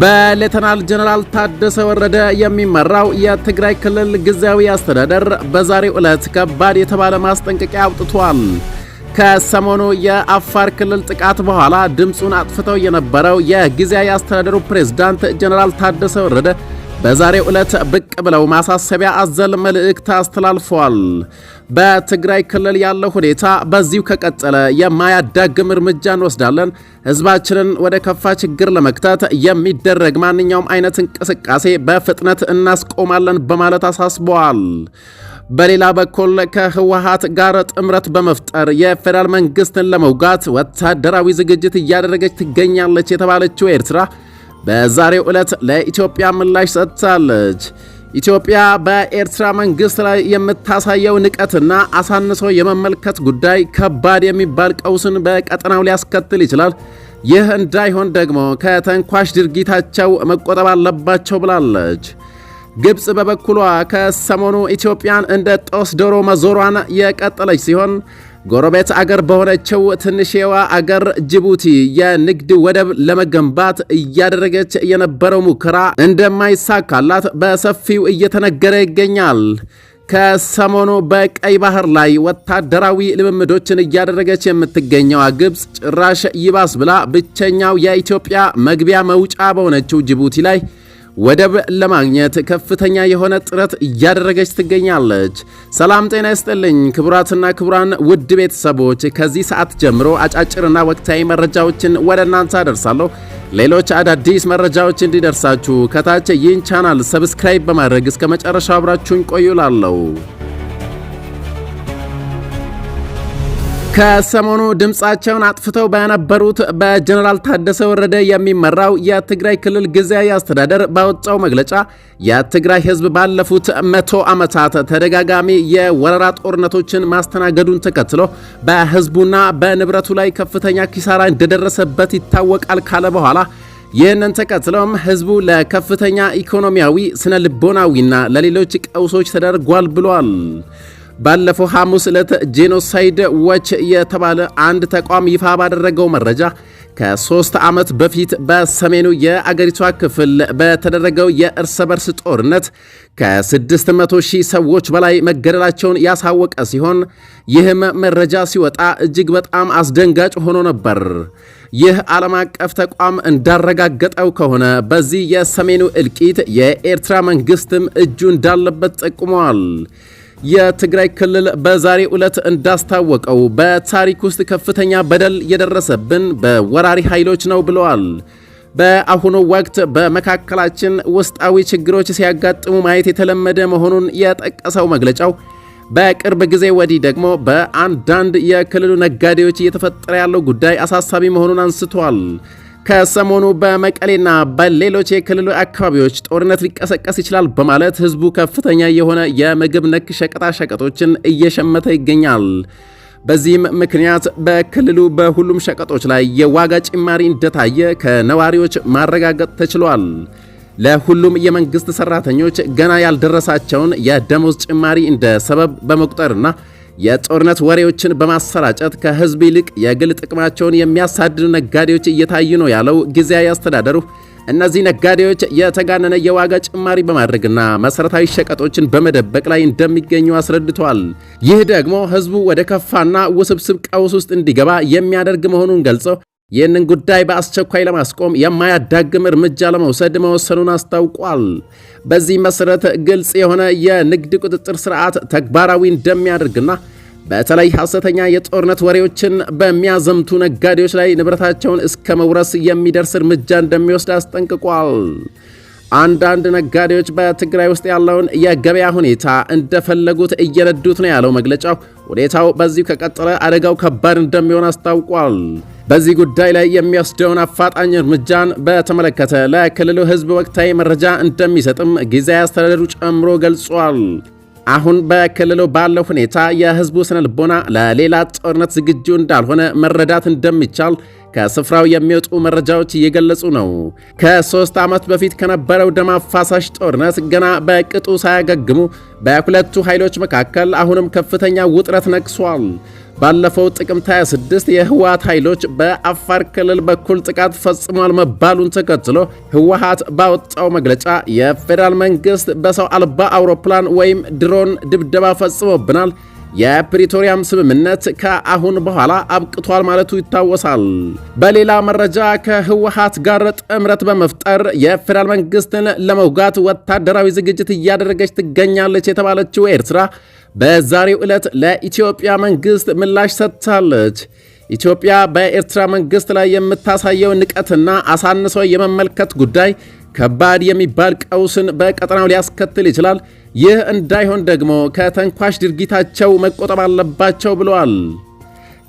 በሌተናል ጀነራል ታደሰ ወረደ የሚመራው የትግራይ ክልል ጊዜያዊ አስተዳደር በዛሬው ዕለት ከባድ የተባለ ማስጠንቀቂያ አውጥቷል። ከሰሞኑ የአፋር ክልል ጥቃት በኋላ ድምፁን አጥፍተው የነበረው የጊዜያዊ አስተዳደሩ ፕሬዝዳንት ጀነራል ታደሰ ወረደ በዛሬው ዕለት ብቅ ብለው ማሳሰቢያ አዘል መልእክት አስተላልፏል። በትግራይ ክልል ያለው ሁኔታ በዚሁ ከቀጠለ የማያዳግም እርምጃ እንወስዳለን። ሕዝባችንን ወደ ከፋ ችግር ለመክተት የሚደረግ ማንኛውም አይነት እንቅስቃሴ በፍጥነት እናስቆማለን በማለት አሳስበዋል። በሌላ በኩል ከህወሓት ጋር ጥምረት በመፍጠር የፌዴራል መንግስትን ለመውጋት ወታደራዊ ዝግጅት እያደረገች ትገኛለች የተባለችው ኤርትራ በዛሬው ዕለት ለኢትዮጵያ ምላሽ ሰጥታለች። ኢትዮጵያ በኤርትራ መንግስት ላይ የምታሳየው ንቀትና አሳንሶ የመመልከት ጉዳይ ከባድ የሚባል ቀውስን በቀጠናው ሊያስከትል ይችላል። ይህ እንዳይሆን ደግሞ ከተንኳሽ ድርጊታቸው መቆጠብ አለባቸው ብላለች። ግብፅ በበኩሏ ከሰሞኑ ኢትዮጵያን እንደ ጦስ ዶሮ መዞሯን የቀጠለች ሲሆን ጎረቤት አገር በሆነችው ትንሽዋ አገር ጅቡቲ የንግድ ወደብ ለመገንባት እያደረገች የነበረው ሙከራ እንደማይሳካላት በሰፊው እየተነገረ ይገኛል። ከሰሞኑ በቀይ ባህር ላይ ወታደራዊ ልምምዶችን እያደረገች የምትገኘዋ ግብፅ ጭራሽ ይባስ ብላ ብቸኛው የኢትዮጵያ መግቢያ መውጫ በሆነችው ጅቡቲ ላይ ወደብ ለማግኘት ከፍተኛ የሆነ ጥረት እያደረገች ትገኛለች። ሰላም ጤና ይስጥልኝ ክቡራትና ክቡራን ውድ ቤተሰቦች፣ ከዚህ ሰዓት ጀምሮ አጫጭርና ወቅታዊ መረጃዎችን ወደ እናንተ አደርሳለሁ። ሌሎች አዳዲስ መረጃዎች እንዲደርሳችሁ ከታች ይህን ቻናል ሰብስክራይብ በማድረግ እስከ መጨረሻው አብራችሁን ቆዩላለሁ። ከሰሞኑ ድምፃቸውን አጥፍተው በነበሩት በጀነራል ታደሰ ወረደ የሚመራው የትግራይ ክልል ጊዜያዊ አስተዳደር ባወጣው መግለጫ የትግራይ ሕዝብ ባለፉት መቶ ዓመታት ተደጋጋሚ የወረራ ጦርነቶችን ማስተናገዱን ተከትሎ በሕዝቡና በንብረቱ ላይ ከፍተኛ ኪሳራ እንደደረሰበት ይታወቃል ካለ በኋላ ይህንን ተከትሎም ሕዝቡ ለከፍተኛ ኢኮኖሚያዊ፣ ስነ ልቦናዊና ለሌሎች ቀውሶች ተደርጓል ብሏል። ባለፈው ሐሙስ ዕለት ጄኖሳይድ ዎች የተባለ አንድ ተቋም ይፋ ባደረገው መረጃ ከሦስት ዓመት በፊት በሰሜኑ የአገሪቷ ክፍል በተደረገው የእርስ በርስ ጦርነት ከ600 ሺህ ሰዎች በላይ መገደላቸውን ያሳወቀ ሲሆን ይህም መረጃ ሲወጣ እጅግ በጣም አስደንጋጭ ሆኖ ነበር። ይህ ዓለም አቀፍ ተቋም እንዳረጋገጠው ከሆነ በዚህ የሰሜኑ እልቂት የኤርትራ መንግሥትም እጁ እንዳለበት ጠቁመዋል። የትግራይ ክልል በዛሬው ዕለት እንዳስታወቀው በታሪክ ውስጥ ከፍተኛ በደል የደረሰብን በወራሪ ኃይሎች ነው ብለዋል። በአሁኑ ወቅት በመካከላችን ውስጣዊ ችግሮች ሲያጋጥሙ ማየት የተለመደ መሆኑን የጠቀሰው መግለጫው በቅርብ ጊዜ ወዲህ ደግሞ በአንዳንድ የክልሉ ነጋዴዎች እየተፈጠረ ያለው ጉዳይ አሳሳቢ መሆኑን አንስቷል። ከሰሞኑ በመቀሌና በሌሎች የክልሉ አካባቢዎች ጦርነት ሊቀሰቀስ ይችላል በማለት ህዝቡ ከፍተኛ የሆነ የምግብ ነክ ሸቀጣ ሸቀጦችን እየሸመተ ይገኛል። በዚህም ምክንያት በክልሉ በሁሉም ሸቀጦች ላይ የዋጋ ጭማሪ እንደታየ ከነዋሪዎች ማረጋገጥ ተችሏል። ለሁሉም የመንግሥት ሠራተኞች ገና ያልደረሳቸውን የደሞዝ ጭማሪ እንደ ሰበብ በመቁጠርና የጦርነት ወሬዎችን በማሰራጨት ከህዝብ ይልቅ የግል ጥቅማቸውን የሚያሳድዱ ነጋዴዎች እየታዩ ነው ያለው ጊዜያዊ አስተዳደሩ እነዚህ ነጋዴዎች የተጋነነ የዋጋ ጭማሪ በማድረግና መሰረታዊ ሸቀጦችን በመደበቅ ላይ እንደሚገኙ አስረድተዋል። ይህ ደግሞ ህዝቡ ወደ ከፋና ውስብስብ ቀውስ ውስጥ እንዲገባ የሚያደርግ መሆኑን ገልጸው ይህንን ጉዳይ በአስቸኳይ ለማስቆም የማያዳግም እርምጃ ለመውሰድ መወሰኑን አስታውቋል። በዚህ መሠረት ግልጽ የሆነ የንግድ ቁጥጥር ሥርዓት ተግባራዊ እንደሚያደርግና በተለይ ሐሰተኛ የጦርነት ወሬዎችን በሚያዘምቱ ነጋዴዎች ላይ ንብረታቸውን እስከ መውረስ የሚደርስ እርምጃ እንደሚወስድ አስጠንቅቋል። አንዳንድ ነጋዴዎች በትግራይ ውስጥ ያለውን የገበያ ሁኔታ እንደፈለጉት እየነዱት ነው ያለው መግለጫው ሁኔታው በዚሁ ከቀጠለ አደጋው ከባድ እንደሚሆን አስታውቋል። በዚህ ጉዳይ ላይ የሚወስደውን አፋጣኝ እርምጃን በተመለከተ ለክልሉ ሕዝብ ወቅታዊ መረጃ እንደሚሰጥም ጊዜያዊ አስተዳደሩ ጨምሮ ገልጿል። አሁን በክልሉ ባለው ሁኔታ የህዝቡ ስነ ልቦና ለሌላ ጦርነት ዝግጁ እንዳልሆነ መረዳት እንደሚቻል ከስፍራው የሚወጡ መረጃዎች እየገለጹ ነው። ከሶስት ዓመት በፊት ከነበረው ደም አፋሳሽ ጦርነት ገና በቅጡ ሳያገግሙ በሁለቱ ኃይሎች መካከል አሁንም ከፍተኛ ውጥረት ነግሷል። ባለፈው ጥቅምት 26 የህወሀት ኃይሎች በአፋር ክልል በኩል ጥቃት ፈጽሟል መባሉን ተከትሎ ህወሀት ባወጣው መግለጫ የፌዴራል መንግስት በሰው አልባ አውሮፕላን ወይም ድሮን ድብደባ ፈጽሞብናል የፕሪቶሪያም ስምምነት ከአሁን በኋላ አብቅቷል ማለቱ ይታወሳል። በሌላ መረጃ ከህወሓት ጋር ጥምረት በመፍጠር የፌዴራል መንግስትን ለመውጋት ወታደራዊ ዝግጅት እያደረገች ትገኛለች የተባለችው ኤርትራ በዛሬው ዕለት ለኢትዮጵያ መንግስት ምላሽ ሰጥታለች። ኢትዮጵያ በኤርትራ መንግስት ላይ የምታሳየው ንቀትና አሳንሰው የመመልከት ጉዳይ ከባድ የሚባል ቀውስን በቀጠናው ሊያስከትል ይችላል ይህ እንዳይሆን ደግሞ ከተንኳሽ ድርጊታቸው መቆጠብ አለባቸው ብለዋል።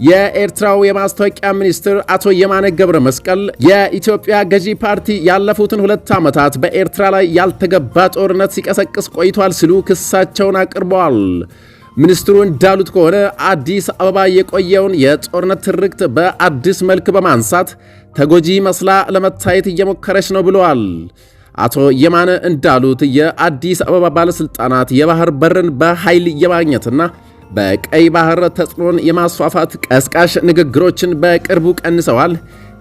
የኤርትራው የማስታወቂያ ሚኒስትር አቶ የማነ ገብረ መስቀል የኢትዮጵያ ገዢ ፓርቲ ያለፉትን ሁለት ዓመታት በኤርትራ ላይ ያልተገባ ጦርነት ሲቀሰቅስ ቆይቷል ሲሉ ክሳቸውን አቅርበዋል። ሚኒስትሩ እንዳሉት ከሆነ አዲስ አበባ የቆየውን የጦርነት ትርክት በአዲስ መልክ በማንሳት ተጎጂ መስላ ለመታየት እየሞከረች ነው ብለዋል። አቶ የማነ እንዳሉት የአዲስ አበባ ባለስልጣናት የባህር በርን በኃይል የማግኘትና በቀይ ባህር ተጽዕኖን የማስፋፋት ቀስቃሽ ንግግሮችን በቅርቡ ቀንሰዋል።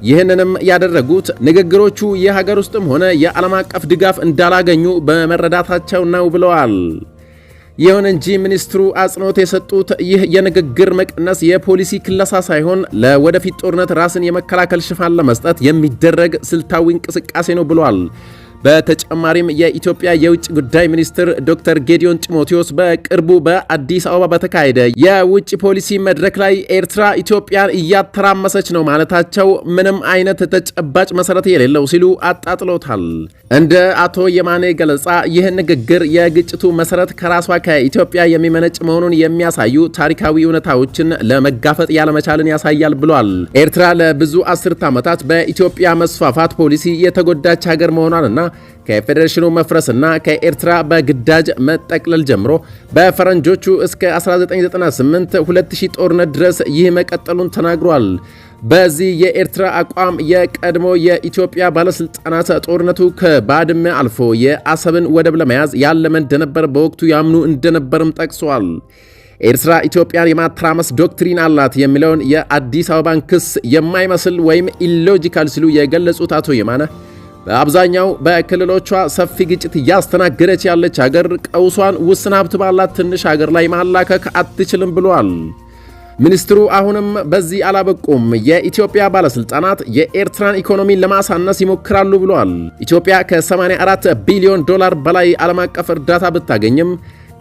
ይህንንም ያደረጉት ንግግሮቹ የሀገር ውስጥም ሆነ የዓለም አቀፍ ድጋፍ እንዳላገኙ በመረዳታቸው ነው ብለዋል። ይሁን እንጂ ሚኒስትሩ አጽንኦት የሰጡት ይህ የንግግር መቀነስ የፖሊሲ ክለሳ ሳይሆን ለወደፊት ጦርነት ራስን የመከላከል ሽፋን ለመስጠት የሚደረግ ስልታዊ እንቅስቃሴ ነው ብለዋል። በተጨማሪም የኢትዮጵያ የውጭ ጉዳይ ሚኒስትር ዶክተር ጌዲዮን ጢሞቴዎስ በቅርቡ በአዲስ አበባ በተካሄደ የውጭ ፖሊሲ መድረክ ላይ ኤርትራ ኢትዮጵያን እያተራመሰች ነው ማለታቸው ምንም አይነት ተጨባጭ መሰረት የሌለው ሲሉ አጣጥሎታል። እንደ አቶ የማኔ ገለጻ ይህ ንግግር የግጭቱ መሰረት ከራሷ ከኢትዮጵያ የሚመነጭ መሆኑን የሚያሳዩ ታሪካዊ እውነታዎችን ለመጋፈጥ ያለመቻልን ያሳያል ብሏል። ኤርትራ ለብዙ አስርት ዓመታት በኢትዮጵያ መስፋፋት ፖሊሲ የተጎዳች ሀገር መሆኗንና ከፌዴሬሽኑ መፍረስና ከኤርትራ በግዳጅ መጠቅለል ጀምሮ በፈረንጆቹ እስከ 1998 2000 ጦርነት ድረስ ይህ መቀጠሉን ተናግሯል። በዚህ የኤርትራ አቋም የቀድሞ የኢትዮጵያ ባለስልጣናት ጦርነቱ ከባድመ አልፎ የአሰብን ወደብ ለመያዝ ያለመ እንደነበር በወቅቱ ያምኑ እንደነበርም ጠቅሷል። ኤርትራ ኢትዮጵያን የማተራመስ ዶክትሪን አላት የሚለውን የአዲስ አበባን ክስ የማይመስል ወይም ኢሎጂካል ሲሉ የገለጹት አቶ የማነ በአብዛኛው በክልሎቿ ሰፊ ግጭት እያስተናገደች ያለች ሀገር ቀውሷን ውስን ሀብት ባላት ትንሽ ሀገር ላይ ማላከክ አትችልም ብሏል። ሚኒስትሩ አሁንም በዚህ አላበቁም። የኢትዮጵያ ባለስልጣናት የኤርትራን ኢኮኖሚን ለማሳነስ ይሞክራሉ ብሏል። ኢትዮጵያ ከ84 ቢሊዮን ዶላር በላይ ዓለም አቀፍ እርዳታ ብታገኝም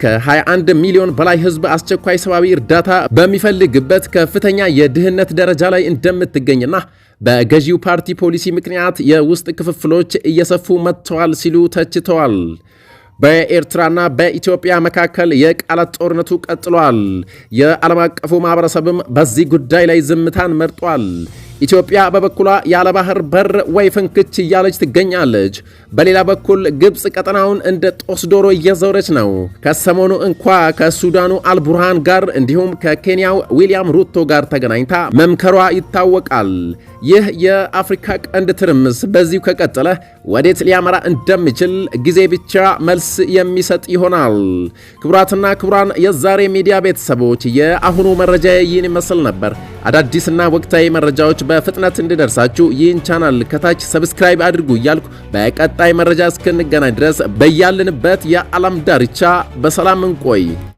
ከ21 ሚሊዮን በላይ ህዝብ አስቸኳይ ሰብአዊ እርዳታ በሚፈልግበት ከፍተኛ የድህነት ደረጃ ላይ እንደምትገኝና በገዢው ፓርቲ ፖሊሲ ምክንያት የውስጥ ክፍፍሎች እየሰፉ መጥተዋል ሲሉ ተችተዋል። በኤርትራና በኢትዮጵያ መካከል የቃላት ጦርነቱ ቀጥሏል። የዓለም አቀፉ ማኅበረሰብም በዚህ ጉዳይ ላይ ዝምታን መርጧል። ኢትዮጵያ በበኩሏ ያለ ባህር በር ወይ ፍንክች እያለች ትገኛለች። በሌላ በኩል ግብፅ ቀጠናውን እንደ ጦስ ዶሮ እየዘረች ነው። ከሰሞኑ እንኳ ከሱዳኑ አልቡርሃን ጋር እንዲሁም ከኬንያው ዊልያም ሩቶ ጋር ተገናኝታ መምከሯ ይታወቃል። ይህ የአፍሪካ ቀንድ ትርምስ በዚሁ ከቀጠለ ወዴት ሊያመራ እንደሚችል ጊዜ ብቻ መልስ የሚሰጥ ይሆናል። ክቡራትና ክቡራን የዛሬ ሚዲያ ቤተሰቦች የአሁኑ መረጃ ይህን ይመስል ነበር። አዳዲስና ወቅታዊ መረጃዎች በፍጥነት እንዲደርሳችሁ ይህን ቻናል ከታች ሰብስክራይብ አድርጉ እያልኩ በቀጣይ መረጃ እስክንገናኝ ድረስ በያልንበት የዓለም ዳርቻ በሰላም እንቆይ።